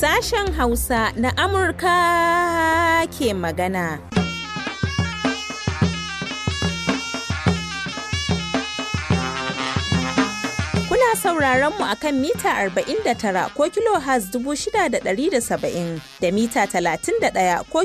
Sashen Hausa na Amurka ke magana. Ana sauraron mu akan mita arba'in da tara ko kilohertz shida da da saba'in mita talatin da ɗaya ko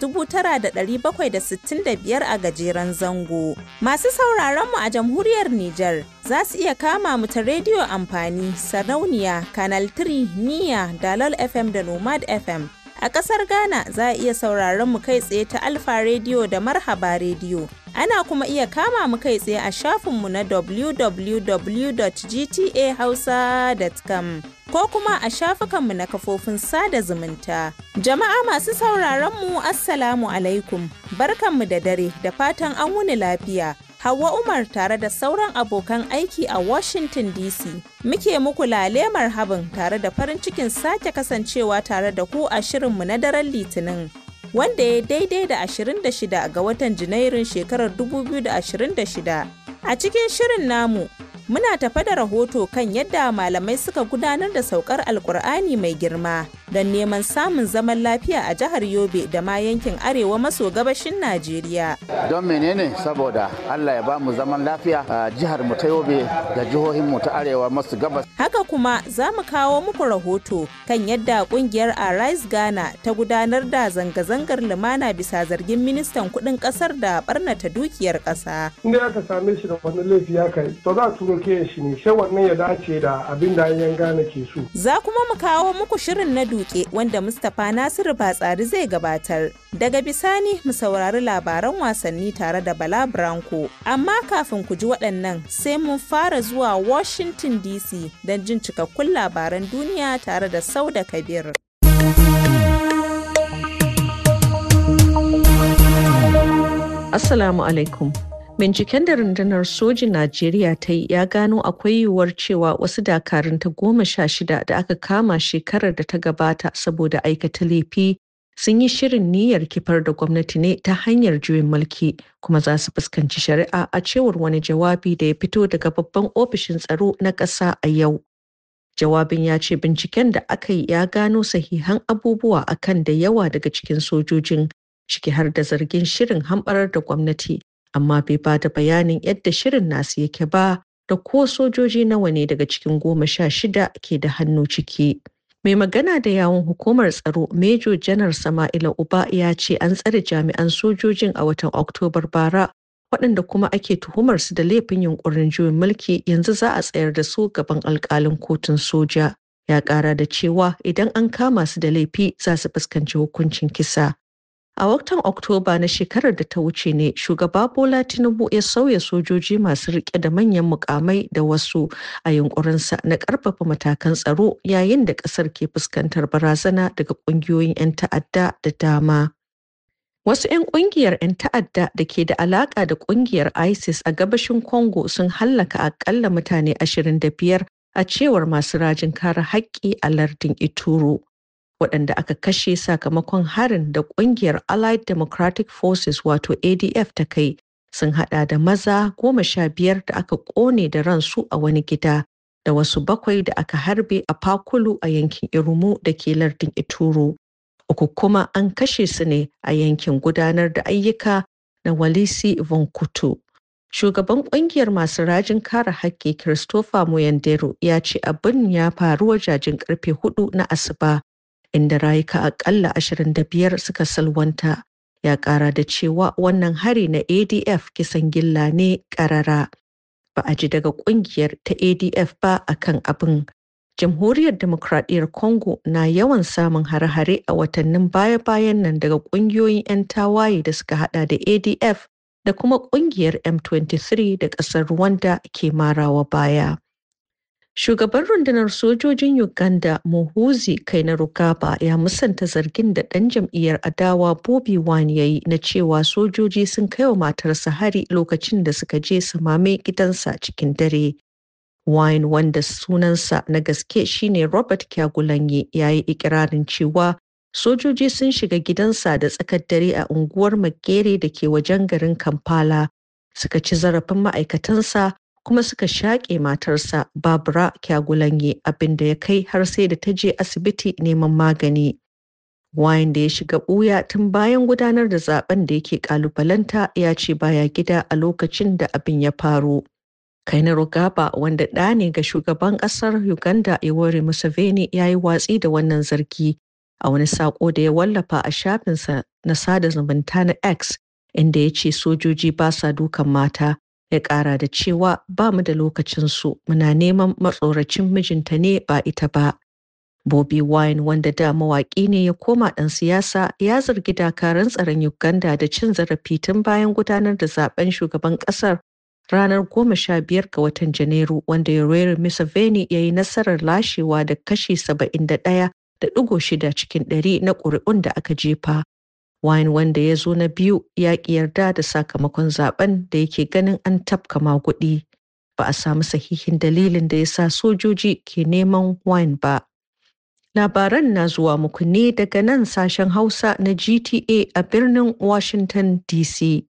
dubu tara da da bakwai sittin da biyar a gajeren zango. Masu sauraron mu a jamhuriyar Nijar za su iya kama mu ta rediyo amfani, sarauniya, Canal 3, Niya, Dalol FM da Nomad FM. A ƙasar Ghana za a iya sauraron mu kai tsaye ta Alfa Radio da Marhaba Radio. Ana kuma iya kama mu kai tsaye a shafinmu na www.gtahausa.com ko kuma a shafukanmu na kafofin sada zumunta. Jama'a masu sauraron mu Assalamu alaikum. Barkanmu da dare da fatan an wuni lafiya. Hauwa Umar tare da sauran abokan aiki a Washington DC. Muke muku lalemar habin tare da farin cikin sake kasancewa tare da ku a shirinmu na daren Litinin. Wanda ya daidai da 26 ga watan Janairun shekarar 2026. A cikin shirin namu, muna tafa da rahoto kan yadda malamai suka gudanar da saukar Alkur'ani mai girma. don neman samun zaman lafiya a jihar Yobe da ma yankin arewa maso gabashin Najeriya. Don menene saboda Allah ya bamu zaman lafiya a jihar mu ta Yobe da jihohin mu ta arewa maso gabas. Haka kuma za mu kawo muku rahoto kan yadda kungiyar Arise Ghana ta gudanar da zanga-zangar lumana bisa zargin ministan kudin kasar da barnata dukiyar kasa. Inda aka same shi da wani laifi ya kai, to za a turo shi ne, sai wannan ya dace da abin da yan Ghana ke so. Za kuma mu kawo muku shirin na tuƙe wanda Mustapha Nasiru Batsari zai gabatar. Daga bisani mu saurari labaran wasanni tare da Bala Branko. Amma kafin ku ji waɗannan sai mun fara zuwa Washington DC don jin cikakkun labaran duniya tare da Sauda Kabir. Assalamu alaikum. Binciken da rundunar sojin Najeriya ta yi ya gano akwai yiwuwar cewa wasu dakarun ta goma sha shida da aka kama shekarar da ta gabata saboda aikata laifi sun yi shirin niyyar kifar da gwamnati ne ta hanyar juyin mulki kuma za su fuskanci shari'a a cewar wani jawabi da ya fito daga babban ofishin tsaro na ƙasa a yau. Jawabin ya ce binciken da aka yi ya gano sahihan abubuwa akan da yawa daga cikin sojojin ciki har da zargin shirin hamɓarar da gwamnati amma bai ba da bayanin yadda shirin nasu yake ba da ko sojoji nawa ne daga cikin goma sha shida ke da hannu ciki. Mai magana da yawon hukumar tsaro Major Janar Sama'ila Uba ya ce an tsare jami'an sojojin a watan Oktobar bara waɗanda kuma ake tuhumar su da laifin yunkurin juyin mulki yanzu za a tsayar da su gaban alkalin kotun soja. Ya ƙara da cewa idan an kama su da laifi za su fuskanci hukuncin kisa. A watan Oktoba na shekarar da ta wuce ne shugaba Bola Tinubu ya sauya sojoji masu riƙe da manyan mukamai da wasu a yunkurinsa na ƙarfafa matakan tsaro yayin da ƙasar ke fuskantar barazana daga ƙungiyoyin 'yan ta'adda da dama. Wasu 'yan ƙungiyar 'yan ta'adda da ke da alaƙa da ƙungiyar ISIS a gabashin Congo sun hallaka aƙalla mutane 25 a cewar masu rajin kare haƙƙi a lardin Ituro. waɗanda aka kashe sakamakon harin da ƙungiyar Allied Democratic Forces wato ADF ta kai sun haɗa da maza goma sha biyar da aka ƙone da ransu a wani gida da wasu bakwai da aka harbe a Fakulu a yankin Irumu da ke lardin Ituro. Uku kuma an kashe su ne a yankin gudanar da ayyuka na Walisi kutu Shugaban ƙungiyar masu rajin kare haƙƙi Christopher Muyandero ya ce abin ya faru wajajen ƙarfe hudu na asuba inda rayuka akalla 25 suka salwanta ya ƙara da cewa wannan hari na adf kisan gilla ne ƙarara ba a ji daga ƙungiyar ta adf ba a kan abin jamhuriyar demokradiyyar congo na yawan samun hare-hare a watannin baya-bayan nan daga ƙungiyoyin 'yan tawaye da suka hada da adf da kuma ƙungiyar m23 da ƙasar rwanda ke marawa baya Shugaban rundunar sojojin Uganda Muhuzi Kainarugaba ya musanta zargin da ɗan jam'iyyar adawa Bobi Wine ya yi na cewa sojoji sun kai wa matarsa hari lokacin da suka je samame gidansa cikin dare. Wine wanda sunansa na gaske shine Robert Kyagulanyi ya yi ikirarin cewa sojoji sun shiga gidansa da tsakar dare a unguwar Makere da ke wajen garin Kampala. Suka ci zarafin ma'aikatansa kuma suka shaƙe matarsa Barbara Kyagulanyi abinda ya kai har sai da ta je asibiti neman magani. Wayan da ya shiga ɓuya tun bayan gudanar da zaben da yake ƙalubalanta ya ce baya gida a lokacin da abin ya faru. Kaina Rugaba wanda ɗa ne ga shugaban ƙasar Uganda Yoweri Museveni ya yi watsi da wannan zargi a wani saƙo da ya wallafa a shafinsa na sada zumunta na X inda ya ce sojoji ba sa dukan mata ya ƙara da cewa ba mu da lokacinsu muna neman matsoracin mijinta ne ba ita ba. Bobi Wine wanda da mawaƙi ne ya koma ɗan siyasa ya zargi dakarun tsaron Uganda da cin zarafi tun bayan gudanar da zaben shugaban ƙasar ranar goma sha biyar ga watan Janairu wanda Yoweri Museveni ya yi nasarar lashewa da kashi saba'in da ɗaya da ɗigo shida cikin ɗari na ƙuri'un da aka jefa. Wine wanda ya zo na biyu ya ƙi yarda da sakamakon zaben da yake ganin an tafka maguɗi. Ba a samu sahihin dalilin da ya sa sojoji ke neman Wine ba. Labaran na zuwa muku ne daga nan sashen Hausa na GTA a birnin Washington DC.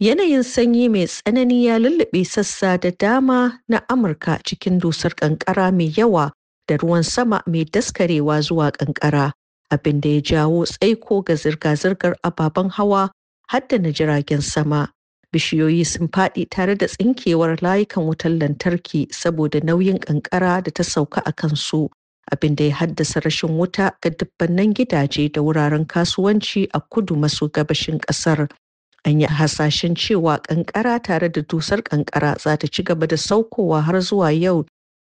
Yanayin sanyi mai tsanani ya lullube sassa da dama na Amurka cikin dusar ƙanƙara mai yawa da ruwan sama mai daskarewa zuwa ƙanƙara. abin da ya jawo tsaiko ga zirga-zirgar ababen hawa haddana jiragen sama. Bishiyoyi sun faɗi tare da tsinkewar layukan wutar lantarki saboda nauyin ƙanƙara da ta sauka a kansu, abin da ya haddasa rashin wuta ga dubbannin gidaje da wuraren kasuwanci a kudu maso gabashin ƙasar. An yi hasashen cewa ƙanƙara tare da dusar ƙanƙara za ta ci gaba da saukowa har zuwa yau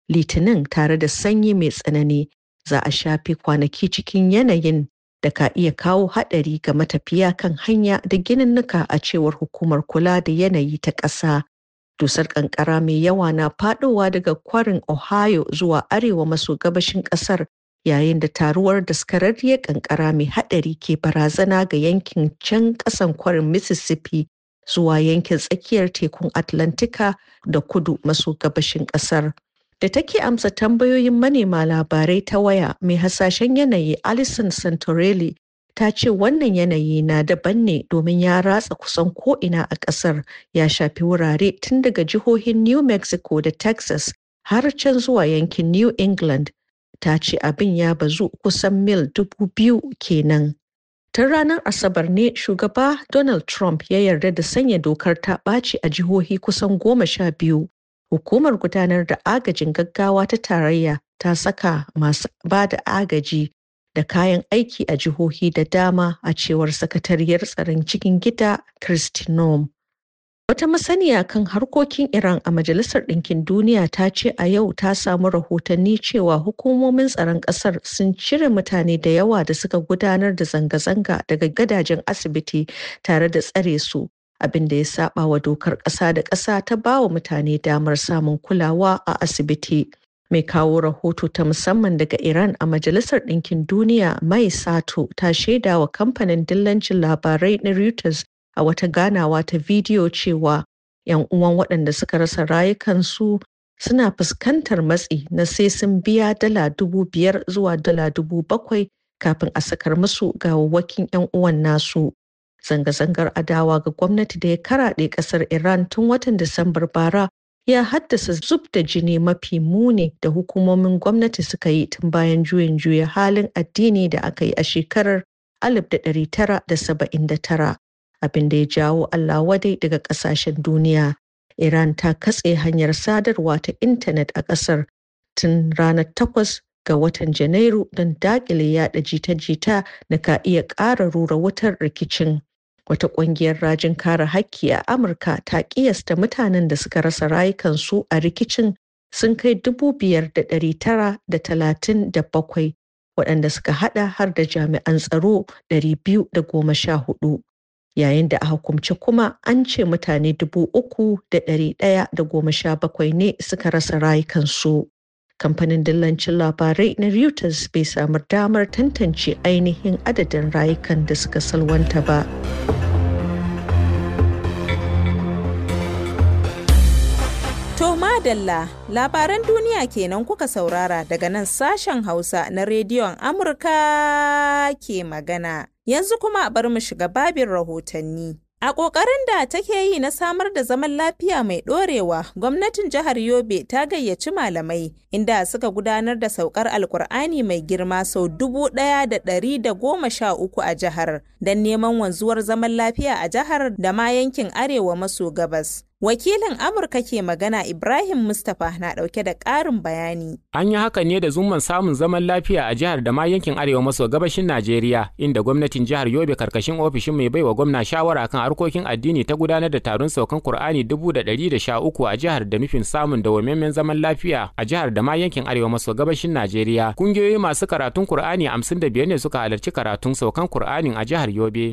Litinin tare da sanyi mai tsanani za a shafe kwanaki cikin yanayin da ka iya kawo haɗari ga matafiya kan hanya da gininnuka a cewar hukumar kula da yanayi ta ƙasa. Dusar ƙanƙara mai yawa na faɗowa daga kwarin Ohio zuwa arewa maso gabashin ƙasar yayin da taruwar daskararriyar ƙanƙara mai haɗari ke barazana ga yankin can ƙasan kwarin Mississippi zuwa yankin tsakiyar tekun Atlantika da kudu maso gabashin ƙasar. da take amsa tambayoyin manema labarai ta waya mai hasashen yanayi Alison Santorelli ta ce wannan yanayi na daban ne domin ya ratsa kusan ko'ina a ƙasar ya shafi wurare tun daga jihohin New Mexico da Texas har can zuwa yankin New England. Ta ce abin ya bazu kusan mil dubu biyu kenan. Tun ranar Asabar ne shugaba Donald Trump ya yarda da sanya dokar ta ɓaci a jihohi kusan goma sha biyu Hukumar gudanar da agajin gaggawa ta tarayya ta saka masu ba da agaji da kayan aiki a jihohi da dama a cewar sakatariyar tsaron cikin gida Kristi Wata masaniya kan harkokin Iran a Majalisar Ɗinkin Duniya ta ce a yau ta samu rahotanni cewa hukumomin tsaron ƙasar sun cire mutane da yawa da suka gudanar da zanga-zanga daga gadajen asibiti tare da tsare su abin da ya saba wa dokar ƙasa da ƙasa ta ba wa mutane damar samun kulawa a asibiti. Mai kawo rahoto ta musamman daga Iran a Majalisar Ɗinkin Duniya Mai Sato ta shaida wa kamfanin dillancin labarai na Reuters a wata ganawa ta bidiyo cewa 'yan uwan waɗanda suka rasa rayukansu suna fuskantar matsi na sai sun biya dala dubu biyar zuwa dala dubu bakwai kafin a sakar musu gawawwakin 'yan uwan nasu. Zanga-zangar adawa ga gwamnati da ya karaɗe ƙasar Iran tun watan Disambar bara ya haddasa zub da jini mafi muni da hukumomin gwamnati suka yi tun bayan juyin juya halin addini da aka yi a shekarar 1979 abin da ya jawo Allah wadai daga ƙasashen duniya. Iran ta katse hanyar sadarwa ta intanet a ƙasar tun ranar takwas ga watan Janairu don daƙile yaɗa jita-jita da ka iya ƙara rura wutar rikicin. wata ƙungiyar rajin kare haƙƙi a amurka ta ƙiyasta mutanen da suka rasa rayukansu a rikicin sun kai dubu biyar da ɗari tara da talatin da bakwai waɗanda suka haɗa har da jami'an tsaro ɗari biyu da goma sha hudu yayin da a hukumce kuma an ce mutane dubu uku ɗari ɗaya da goma sha bakwai ne suka rasa rayukansu. kamfanin dillancin labarai na reuters bai samu damar tantance ainihin adadin rayukan da suka salwanta ba To madalla labaran duniya kenan kuka saurara daga nan sashen Hausa na rediyon Amurka ke magana. Yanzu kuma bari mu shiga babin rahotanni. A ƙoƙarin da take yi na samar da zaman lafiya mai ɗorewa, gwamnatin jihar Yobe ta gayyaci malamai inda suka gudanar da saukar Alƙur'ani mai girma sau dubu ɗaya da ɗari da goma sha uku a jihar don neman wanzuwar zaman lafiya a jihar da ma yankin arewa maso gabas. Wakilin Amurka ke magana Ibrahim Mustapha na ɗauke da ƙarin bayani. An yi haka ne da zumman samun zaman lafiya a jihar da ma yankin arewa maso gabashin Najeriya, inda gwamnatin jihar Yobe karkashin ofishin mai baiwa gwamna shawara kan harkokin addini ta gudanar da taron saukan Kur'ani uku a jihar da nufin samun dawwammamen zaman lafiya a jihar da ma yankin arewa maso gabashin Najeriya. Kungiyoyi masu karatun Kur'ani biyar ne suka halarci karatun saukan Kur'anin a jihar Yobe.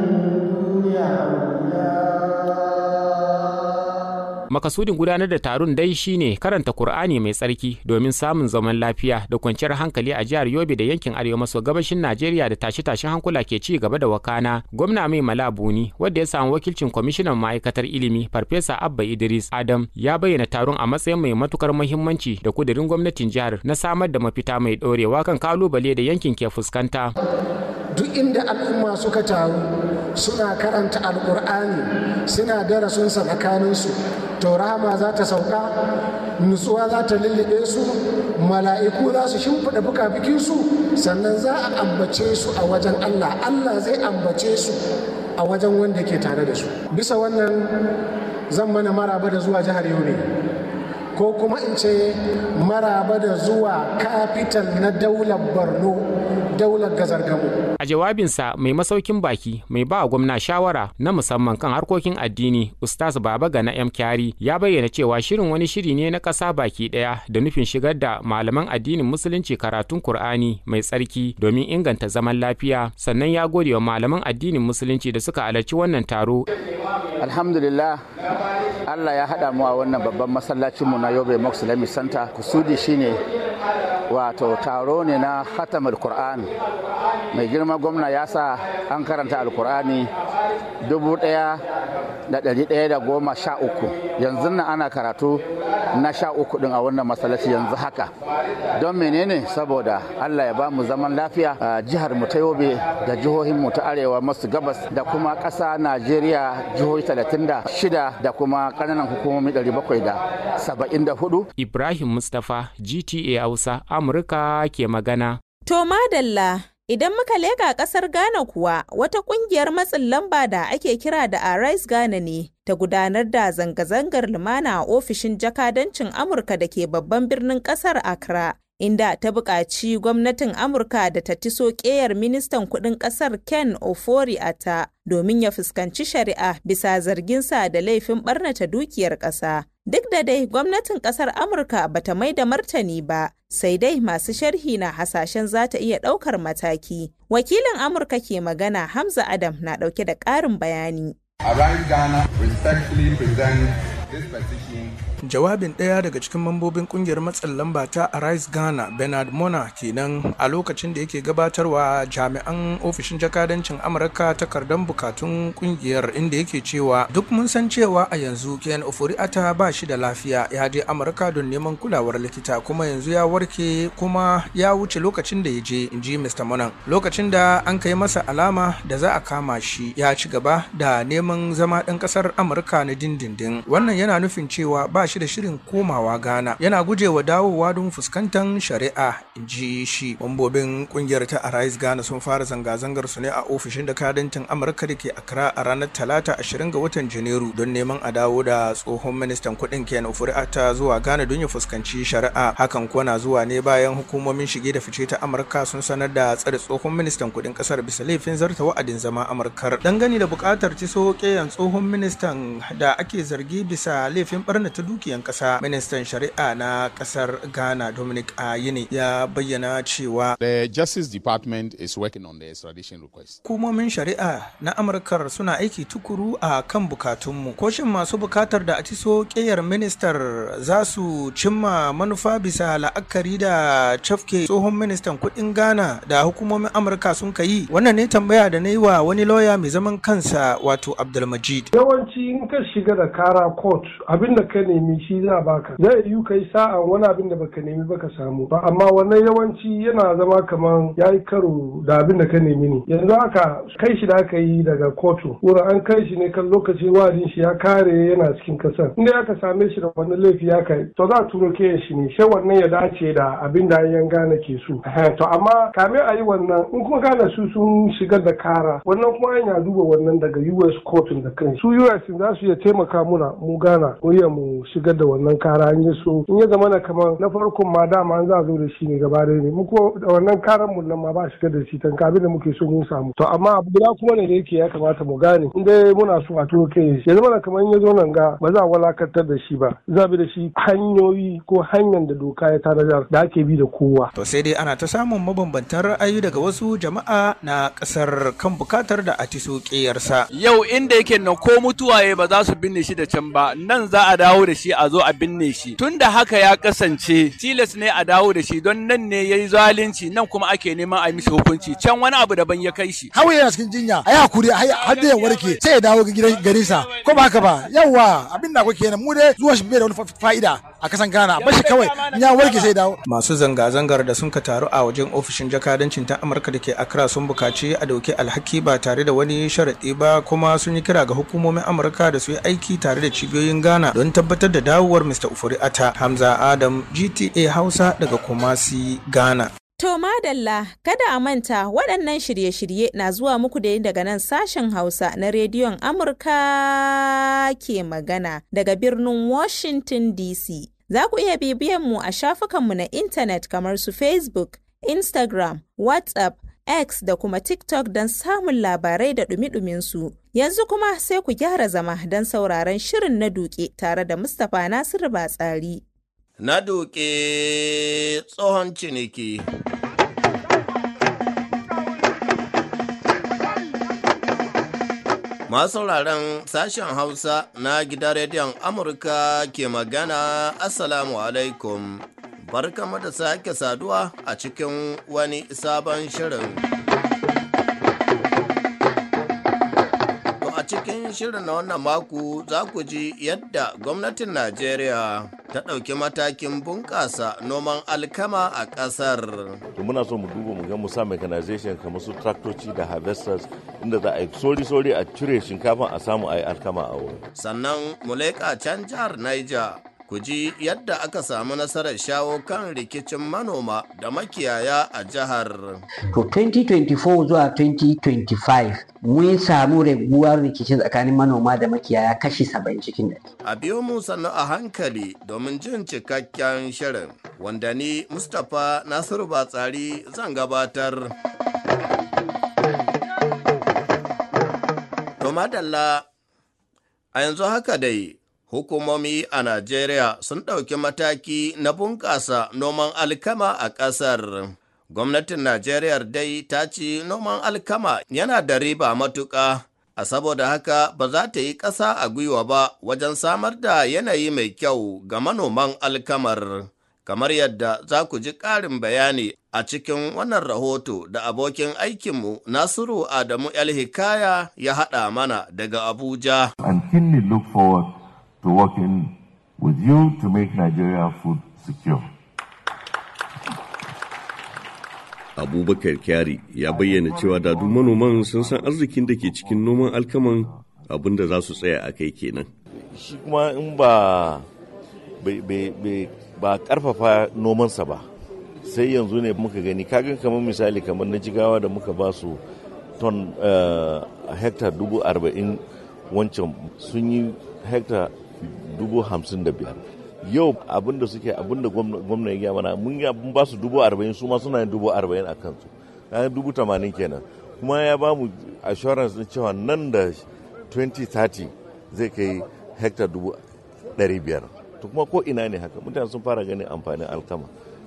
makasudin gudanar da taron dai shine karanta Kur'ani mai tsarki domin samun zaman lafiya da kwanciyar hankali a jihar Yobe da yankin Arewa maso gabashin Najeriya da tashe-tashen hankula ke ci gaba da wakana. Gwamna mai malabuni wanda ya samu wakilcin kwamishinan ma'aikatar ilimi Farfesa Abba Idris Adam ya bayyana taron a matsayin mai matukar muhimmanci da kudirin gwamnatin jihar na samar da mafita mai dorewa kan kalubale da yankin ke fuskanta. duk inda al'umma suka taru suna karanta alkur'ani suna darasinsa tsakaninsu to rahama za ta sauka nutsuwa za ta lullube su mala'iku za su shimfiɗa bukabikinsu sannan za a ambace su a wajen allah allah zai ambace su a wajen wanda ke tare da su bisa wannan zan mana maraba da zuwa jihar yau ne ko kuma in ce maraba da zuwa kafital na daular borno daular gazargamu a jawabinsa mai masaukin baki mai ba gwamna shawara na musamman kan harkokin addini ustaz baba ga na kyari ya bayyana cewa shirin wani shiri ne na kasa baki ɗaya da nufin shigar da malaman addinin musulunci karatun kur'ani mai tsarki domin inganta zaman lafiya sannan ya gode wa malaman addinin musulunci da suka halarci wannan taro alhamdulillah allah ya haɗa mu a wannan babban masallacin mu. na yobe mox islamic center kusudi shine wato taro ne na hatam alkur'ani mai girma gwamna ya sa an karanta alkur'ani dubu ɗaya da ɗaya da goma sha uku yanzu nan ana karatu na sha uku din a wannan masallaci yanzu haka don menene saboda allah ya ba mu zaman lafiya a jihar mu ta yobe da jihohin mu ta arewa masu gabas da kuma ƙasa najeriya jihohi talatin da shida da kuma ƙananan hukumomi 770 bakwai da saba'in 94. Ibrahim Mustapha GTA Hausa Amurka ke magana. To madalla idan muka leƙa ƙasar Ghana kuwa wata ƙungiyar matsin lamba da ake kira da Arise Ghana ne ta gudanar da zanga-zangar lumana a ofishin jakadancin Amurka da ke babban birnin ƙasar Accra inda ta buƙaci gwamnatin Amurka da ta tiso ƙeyar ministan kuɗin ƙasar Ken Ofori Ata domin ya fuskanci shari'a bisa zarginsa da laifin ɓarnata dukiyar ƙasa. Duk da dai gwamnatin ƙasar Amurka bata mai da martani ba, sai dai masu sharhi na hasashen za ta iya ɗaukar mataki. Wakilin Amurka ke magana Hamza Adam na ɗauke da ƙarin bayani. Ghana, respectfully present this petition jawabin ɗaya daga cikin mambobin ƙungiyar matsin lamba ta arise ghana bernard mona kenan a lokacin da yake gabatarwa jami'an ofishin jakadancin amurka takardar bukatun ƙungiyar inda yake cewa duk mun san cewa a yanzu ken ofori ata ba shi da lafiya ya je amurka don neman kulawar likita kuma yanzu ya warke kuma ya wuce lokacin da ya je in ji mr monan lokacin da an kai masa alama da za a kama shi ya ci gaba da neman zama ɗan ƙasar amurka na dindindin wannan yana nufin cewa ba shi da shirin komawa Ghana yana gujewa dawowa don fuskantar shari'a in ji shi mambobin kungiyar ta Arise Ghana sun fara zanga-zangar su ne a ofishin da kadantin Amurka da ke Accra a ranar Talata ashirin ga watan Janairu don neman a dawo da tsohon ministan kuɗin Ken ta zuwa Ghana don ya fuskanci shari'a hakan kuwa na zuwa ne bayan hukumomin shige da fice ta Amurka sun sanar da tsare tsohon ministan kuɗin kasar bisa laifin zarta wa'adin zama Amurkar dangane da buƙatar ci so tsohon ministan da ake zargi bisa laifin ɓarnata duk dukiyan kasa ministan shari'a na kasar ghana dominic ayine ya bayyana cewa the justice department is working on the extradition request hukumomin shari'a na amurkar suna aiki tukuru a kan bukatunmu ko shin masu bukatar da atiso ministar za su cimma manufa bisa la'akari da cafke tsohon ministan kuɗin ghana da hukumomin amurka sun kayi wannan ne tambaya da na yi wa wani lauya mai zaman kansa wato abdulmajid yawanci in ka shiga da kara court abinda ka nemi nemi shi za baka zai yiwu kai sa'a wani abin da baka nemi baka samu ba amma wannan yawanci yana zama kamar ya yi karo da abin da ka nemi ne yanzu haka kai shi da aka yi daga kotu wurin an kai shi ne kan lokaci wajin shi ya kare yana cikin kasar inda aka same shi da wani laifi ya kai to za a turo ke shi ne sai wannan ya dace da abin da yan gane ke su to amma kame a yi wannan in kuma gane su sun shigar da kara wannan kuma an ya duba wannan daga US kotun da kai su US za su iya taimaka muna mu gana mu mu shigar da wannan kara an yi so in ya zama na kamar na farkon ma dama an za zo da shi ne gaba da ne mu kuma da wannan karan mu nan ma ba shigar da shi tankabi da muke so mun samu to amma abu guda kuma ne da yake ya kamata mu gane in dai muna so a tuwo kai ya zama na kamar ya zo nan ga ba za a walakantar da shi ba za bi da shi hanyoyi ko hanyar da doka ya tanadar da ake bi da kowa. To sai dai ana ta samun mabambantan ra'ayi daga wasu jama'a na kasar kan bukatar da a Yau inda yake nan ko mutuwaye ba za su binne shi da can ba nan za a dawo da shi. shi a zo a binne shi tun da haka ya kasance tilas ne a dawo da shi don nan ne yayi zalunci nan kuma ake neman a yi mishi hukunci can wani abu daban ya kai shi hawaye yana cikin jinya a yi hakuri har da ya warke sai ya dawo ga gidan garinsa ko ba haka ba yawa abin da kuke kenan mu dai zuwa shi bai da wani fa'ida a kasan Ghana a bashi kawai ya warke sai dawo masu zanga-zangar da sun ka taru a wajen ofishin jakadancin ta Amurka da ke Accra sun bukaci a dauki alhaki ba tare da wani sharaɗi ba kuma sun yi kira ga hukumomin Amurka da su yi aiki tare da cibiyoyin Ghana don tabbatar da dawowar Mr. Ufuri Ata Hamza Adam GTA Hausa daga Kumasi Ghana To madalla kada a manta waɗannan shirye-shirye na zuwa muku da daga nan sashen Hausa na rediyon Amurka ke magana daga birnin Washington DC. Za ku iya bibiyan mu a shafukanmu na intanet kamar su Facebook, Instagram, WhatsApp, X da kuma TikTok don samun labarai da ɗumi su Yanzu kuma sai ku gyara zama don sauraron shirin na duke tare da Mustapha Nasiru Batsari. na doke tsohon ciniki. Masu sauraron sashen Hausa na gida rediyon Amurka ke magana Assalamu alaikum. Barkama da sake saduwa a cikin wani sabon shirin. cikin shirin na wannan mako za ku ji yadda gwamnatin Najeriya ta ɗauki matakin bunƙasa noman alkama a ƙasar. To muna so mu duba mu ga mu sa mechanization kamar su traktoci da harvesters inda za a yi sori-sori a cire shinkafa a samu a yi alkama a wurin. Sannan mu leƙa can jihar Niger ku ji yadda aka samu nasarar shawo kan rikicin manoma da makiyaya a jihar. To 2024 zuwa 2025 mun samu raguwar rikicin tsakanin manoma da makiyaya kashi saba'in cikin da. A biyo mu sannu a hankali domin jin cikakken shirin wanda ni Mustapha Nasiru Batsari zan gabatar. To madalla a yanzu haka dai hukumomi a Najeriya sun ɗauki mataki na bunƙasa noman alkama a ƙasar. Gwamnatin Najeriya dai ta ci noman alkama yana da riba matuƙa, a saboda haka ba za ta yi ƙasa a gwiwa ba wajen samar da yanayi mai kyau ga manoman alkamar. Kamar yadda za ku ji ƙarin bayani a cikin wannan rahoto da abokin aikinmu Nasiru Adamu El Hikaya ya haɗa mana daga Abuja. And look forward to working with you to make Nigeria food secure. Abubakar Kyari ya bayyana cewa da duk manoman sun san arzikin da ke cikin noman alkaman abin da za su tsaya a kai kenan. Shi kuma in ba ba karfafa nomansa ba sai yanzu ne muka gani kagan kamar misali kamar na jigawa da muka ba su ton eh, hekta dubu arba'in wancan sun yi hekta dubu hamsin da biyar yau abin da suke abin da gwamna ya mana mun ya ba su dubu arba'in su ma suna yin dubu arba'in a kansu na dubu tamanin kenan kuma ya ba mu assurance na cewa nan da 2030 zai kai hektar dubu ɗari biyar to kuma ko ina ne haka mutane sun fara ganin amfanin alkama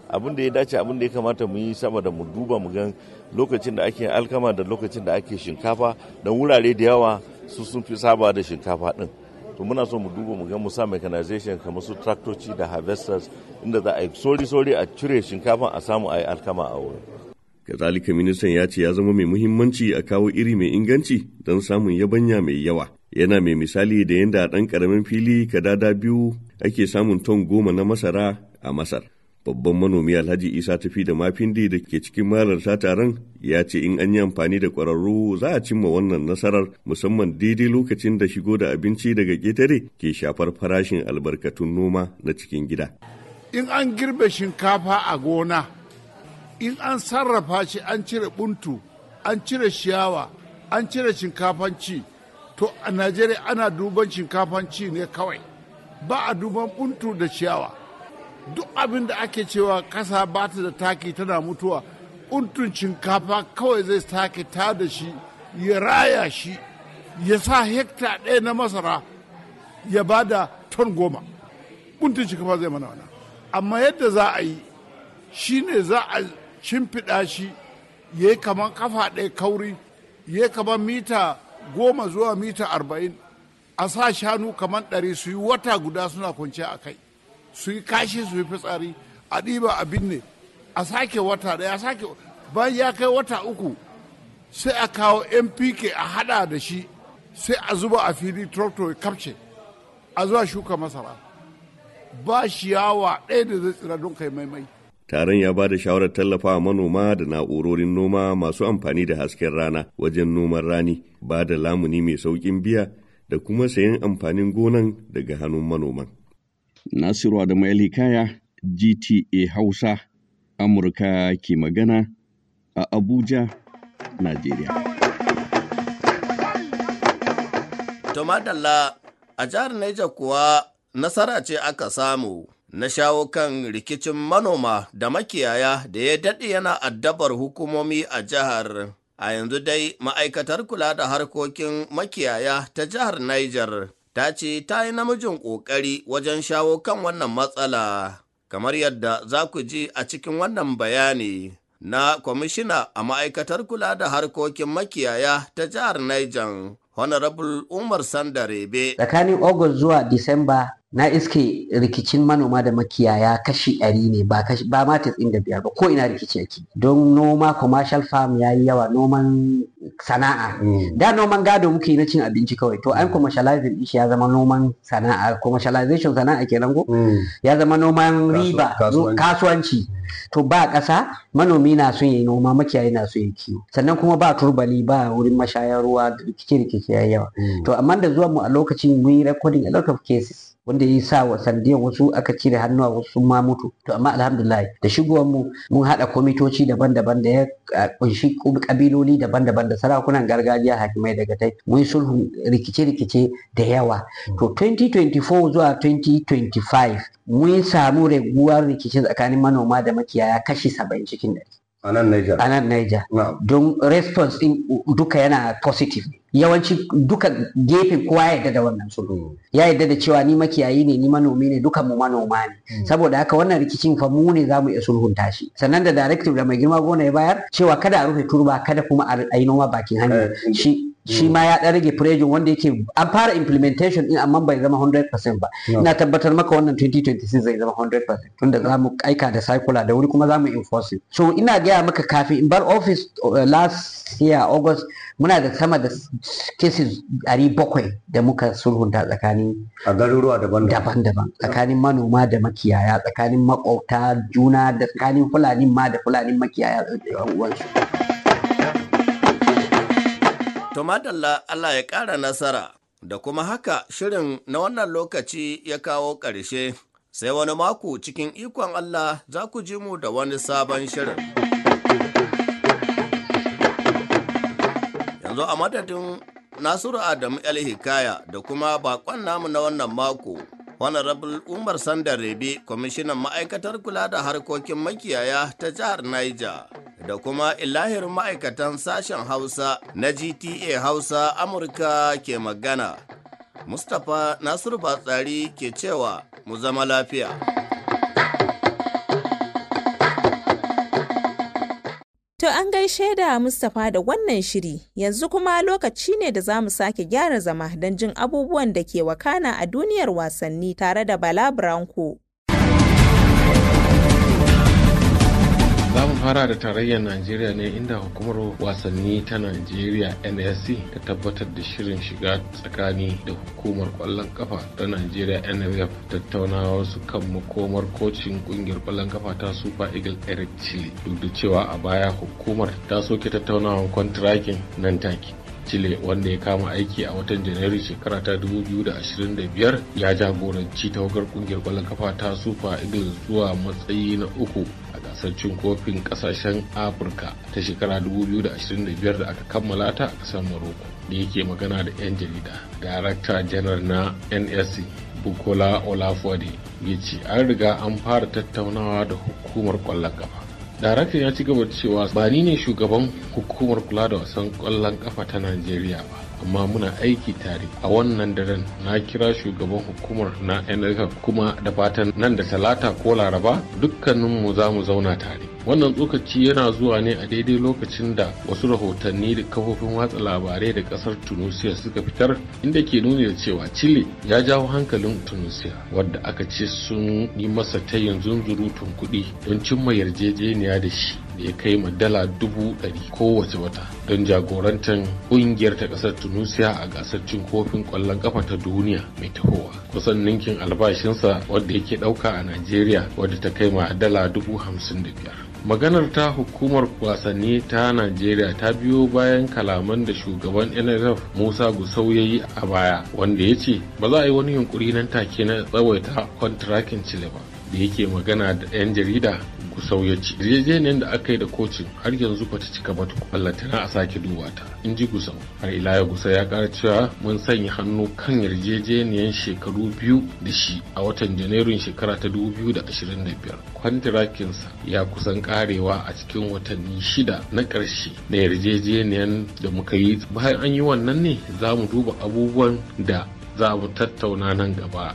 abin da ya dace abin da ya kamata mu yi sama da mu duba mu gan lokacin da ake alkama da lokacin da ake shinkafa da wurare da yawa su sun fi saba da shinkafa din to muna so mu duba mu ga mu sa mechanization kamar su tractoci da harvesters inda za a yi sori-sori a cire shinkafa a samu a yi alkama a wurin kazalika ministan ya ce ya zama mai muhimmanci a kawo iri mai inganci don samun yabanya mai yawa yana mai misali da yadda a ɗan ƙaramin fili kadada biyu ake samun ton goma na masara a masar babban manomi alhaji isa tafi da mafindi da ke cikin ta taron ya ce in an yi amfani da ƙwararru za a cimma wannan nasarar musamman daidai lokacin da shigo da abinci daga ƙetare ke shafar farashin albarkatun noma na cikin gida in an girbe shinkafa a gona in an sarrafa shi an cire buntu an cire ciyawa an cire shinkafan ci to a najeriya ana duban shinkafan ci ne kawai ba a duban buntu da ciyawa duk abin da ake cewa kasa ba ta da taki tana mutuwa untun shinkafa kawai zai sake ta da shi ya raya shi ya sa hekta ɗaya na masara ya ba da ton goma untun shinkafa zai mana wana amma yadda za a yi shi ne za a shimfiɗa shi ya yi kamar kafa ɗaya kauri ya yi kamar mita goma zuwa mita arba'in a sa shanu kamar ɗari su yi wata guda suna kwanciya a kai su yi kashi su yi fitsari a ɗiba a binne a sake wata ɗaya a sake bayan ya kai wata uku sai a kawo mpk a hada da shi sai a zuba a fili tractor ya kapce a zuwa shuka masara ba shi yawa ɗaya da zai tsira don kai maimai taron ya ba da shawarar tallafawa manoma da na'urorin noma masu amfani da hasken rana wajen noman rani ba da lamuni mai sauƙin biya da kuma sayan amfanin gonan daga hannun manoman Nasiru Adamu Hikaya, GTA Hausa, Amurka ke magana a Abuja, Najeriya. Tomadalla a jihar Niger kuwa nasara ce aka samu na shawo kan rikicin manoma da makiyaya da ya daɗe yana addabar hukumomi a jihar. A yanzu dai ma'aikatar kula da harkokin makiyaya ta jihar Niger ta ce ta yi namijin ƙoƙari wajen shawo kan wannan matsala, kamar yadda za ku ji a cikin wannan bayani na kwamishina a ma'aikatar kula da harkokin makiyaya ta jihar Niger. Honorable Umar Sandarebe. Tsakanin August zuwa Disamba na iske rikicin manoma da makiyaya kashi ɗari ne ba ma tatsin da biyar ba ko ina rikici yake don noma commercial farm ya yi yawa noman sana'a mm. da noman gado muke na cin abinci kawai to an mm. commercializing shi ya zama noman sana'a commercialization sana'a kenan go mm. ya zama noman riba kasuwanci to ba ƙasa manomi na son yi noma makiyayi na son yi kiwo sannan kuma ba turbali ba wurin mashayar ruwa rikici rikici ya yawa to amma da zuwa mu a lokacin mun yi recording a lot of cases wanda ya sa wa sandiyan wasu aka cire hannuwa wasu ma mutu to amma alhamdulillah da shigowar mu mun hada komitoci daban-daban da ya kunshi kabiloli daban-daban da sarakunan gargajiya hakimai daga tai mun sulhu rikice-rikice da yawa to 2024 zuwa 2025 mun samu raguwar rikici tsakanin manoma da makiyaya kashi 70 cikin 100 a nan Niger don response din duka yana positive yawanci duka gefen kowa ya yarda da wannan su mm. ya yadda da cewa ni makiyayi ne ni manomi ne dukan mu manoma ne mm. saboda haka wannan rikicin fa mu ne zamu iya sulhunta shi sannan da directive da mai girma gona ya bayar cewa kada a rufe turba kada kuma a yi noma bakin hanya eh, eh. shi shi ma ya ɗarage rage wanda yake an fara implementation din amma bai zama 100% ba ina tabbatar maka wannan 2026 zai zama 100% tunda za mu aika da cycle da wuri kuma za mu enforce so ina gaya maka kafin in bar office uh, last year august muna da sama da cases 700 da muka sulhunta tsakanin a garuruwa daban-daban Daban tsakanin manoma da makiyaya tsakanin makwauta juna da tsakanin fulani ma da fulani makiyaya da To madalla Allah ya ƙara nasara, da kuma haka shirin na wannan lokaci ya kawo ƙarshe, sai wani mako cikin ikon Allah za ku ji mu da wani sabon shirin. Yanzu a madadin Nasiru Adamu El Hikaya da kuma bakon namu na wannan mako. honorable umar sandar rebe kwamishinan ma'aikatar kula da harkokin makiyaya ta jihar niger da kuma ilahir ma'aikatan sashen hausa na gta hausa amurka ke magana mustapha nasiru batsari ke cewa mu zama lafiya To an gaishe da Mustapha da wannan shiri, yanzu kuma lokaci ne da za mu sake gyara zama don jin abubuwan da ke wakana a duniyar wasanni tare da Bala Branko. Za mu fara da tarayyar Najeriya ne inda hukumar wasanni ta Najeriya NSC ta tabbatar da shirin shiga tsakani da hukumar kwallon kafa ta Najeriya NFF tattaunawa su kan makomar kocin kungiyar kwallon kafa ta Super Eagle Eric Chile duk da cewa a baya hukumar ta soke tattaunawar kwantirakin nan take. Chile wanda ya kama aiki a watan Janairu shekara ta 2025 ya jagoranci tawagar kungiyar kwallon kafa ta Super eagle zuwa matsayi na uku gasar cin kofin kasashen afirka ta shekara 2025 da aka kammala ta a kasar maroko da yake magana da 'yan jarida darakta janar na nsc bukola olafuwade ya ce an riga an fara tattaunawa da hukumar kwallon kafa daraktan ya ci gaba da cewa ba ni ne shugaban hukumar kula da wasan kwallon kafa ta najeriya ba amma muna aiki tare a wannan daren na kira shugaban hukumar na nlf kuma da fatan nan da talata ko laraba dukkaninmu za mu zauna tare wannan tsokaci yana zuwa ne a daidai lokacin da wasu rahotanni da kafofin watsa labarai da kasar tunisia suka fitar inda ke nuni da cewa chile ya jawo hankalin tunisia wadda aka ce sun yi masa tayin zunzurutun kuɗi don cimma yarjejeniya da shi da ya kai ma dala dubu ɗari kowace wata don jagorantar ƙungiyar ta ƙasar tunisia a gasar cin kofin ƙwallon ƙafa ta duniya mai tahowa kusan ninkin albashinsa wadda yake ɗauka a najeriya wadda ta kai ma dala dubu hamsin da biyar maganar ta hukumar wasanni ta najeriya ta biyo bayan kalaman da shugaban nrf musa gusau ya yi a baya wanda ya ce ba za a yi wani yunkuri nan take na tsawaita kwantirakin cile ba da yake magana da 'yan jarida kusau ya ce yarjejeniyar da aka yi da kocin har yanzu ba ta cika ba tana a sake duba ta in ji gusau har ila ya gusa ya kara cewa mun sanya hannu kan yarjejeniyar shekaru biyu da shi a watan janairun shekara ta biyu da da ashirin biyar. kwantirakinsa ya kusan karewa a cikin watanni shida na ƙarshe na yarjejeniyar da muka yi bayan an yi wannan ne za mu duba abubuwan da za mu tattauna nan gaba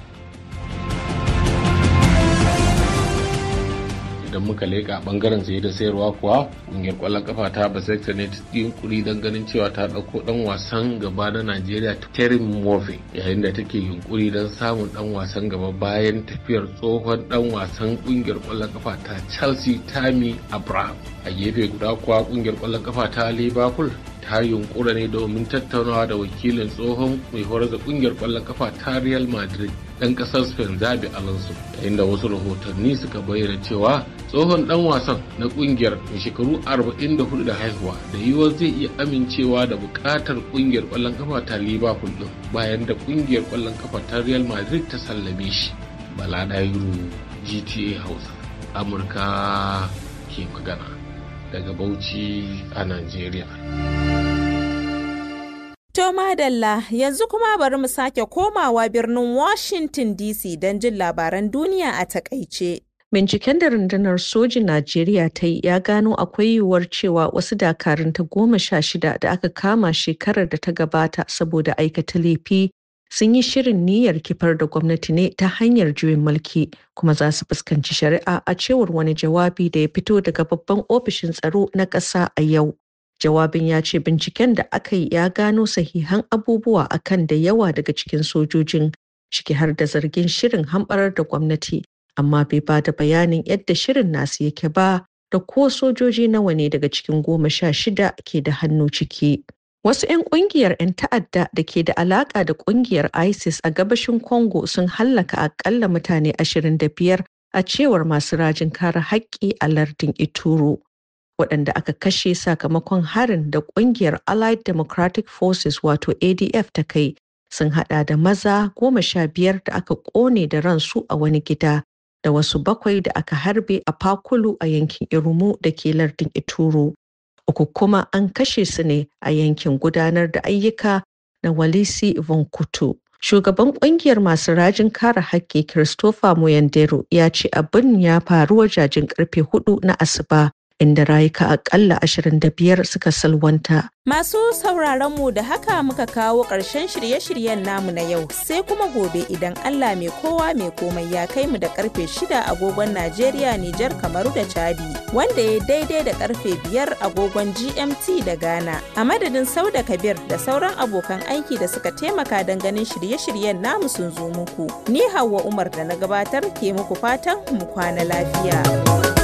idan muka leƙa bangaren saye da sayarwa kuwa ƙungiyar ƙwallon kafa ta Basecta ne ta yunkuri don ganin cewa ta ɗauko ɗan wasan gaba na Najeriya terry Murphy yayin da take yunkuri don samun ɗan wasan gaba bayan tafiyar tsohon ɗan wasan ƙungiyar ƙwallon kafa ta Chelsea Tammy Abraham. A gefe guda kuwa ƙungiyar ƙwallon kafa ta Liverpool ta yunkura ne domin tattaunawa da wakilin tsohon mai horar da ƙungiyar ƙwallon kafa ta Real Madrid ɗan ƙasar spain zabi alonso yayin da wasu rahotanni suka bayyana cewa tsohon ɗan wasan na ƙungiyar mai shekaru 44 da haihuwa da yiwuwar zai iya amincewa da buƙatar ƙungiyar ƙwallon kafa ta liverpool ɗin bayan da ƙungiyar ƙwallon kafa ta real madrid ta sallame shi bala dairu gta hausa amurka ke magana daga bauchi a nigeria To Dalla yanzu kuma bari mu sake komawa birnin Washington DC don jin labaran duniya a takaice. Binciken da rundunar sojin Najeriya ta yi ya gano akwai yiwuwar cewa wasu dakarun ta goma sha shida da aka kama shekarar da ta gabata saboda aikata laifi sun yi shirin niyyar kifar da gwamnati ne ta hanyar juyin mulki kuma za su fuskanci shari'a a cewar wani jawabi da ya fito daga babban ofishin tsaro na ƙasa a yau. Jawabin ya ce binciken da aka yi ya gano sahihan abubuwa akan da yawa daga cikin sojojin ciki har da zargin shirin hamɓarar da gwamnati, amma bai ba da bayanin yadda shirin nasu yake ba da ko sojoji nawa ne daga cikin goma sha shida ke da hannu ciki. Wasu 'yan ƙungiyar 'yan ta'adda da ke da alaƙa da ƙungiyar ISIS a gabashin Congo sun hallaka aƙalla mutane 25 a cewar masu rajin kare haƙƙi a lardin Ituro. waɗanda aka kashe sakamakon harin da ƙungiyar Allied Democratic Forces wato ADF ta kai sun haɗa da maza goma sha biyar da aka ƙone da ransu a wani gida da wasu bakwai da aka harbe a Fakulu a yankin Irumu da ke lardin Ituru. Uku kuma an kashe su ne a yankin gudanar da ayyuka na Walisi Vonkutu. Shugaban ƙungiyar masu rajin kare haƙƙi Christopher Muyandero ya ce abin ya faru wajajen ƙarfe hudu na asuba inda rayuka akalla 25 suka salwanta. Masu sauraron mu da haka muka kawo ƙarshen shirye-shiryen namu na yau sai kuma gobe idan Allah mai kowa mai komai ya kai mu da karfe 6 agogon Najeriya, Nijar, Kamaru da Chadi wanda ya daidai da karfe 5 agogon GMT da Ghana. A madadin Sauda Kabir da sauran abokan aiki da suka taimaka don ganin shirye-shiryen namu sun zo muku. Ni Hauwa Umar da na gabatar ke muku fatan mu kwana lafiya.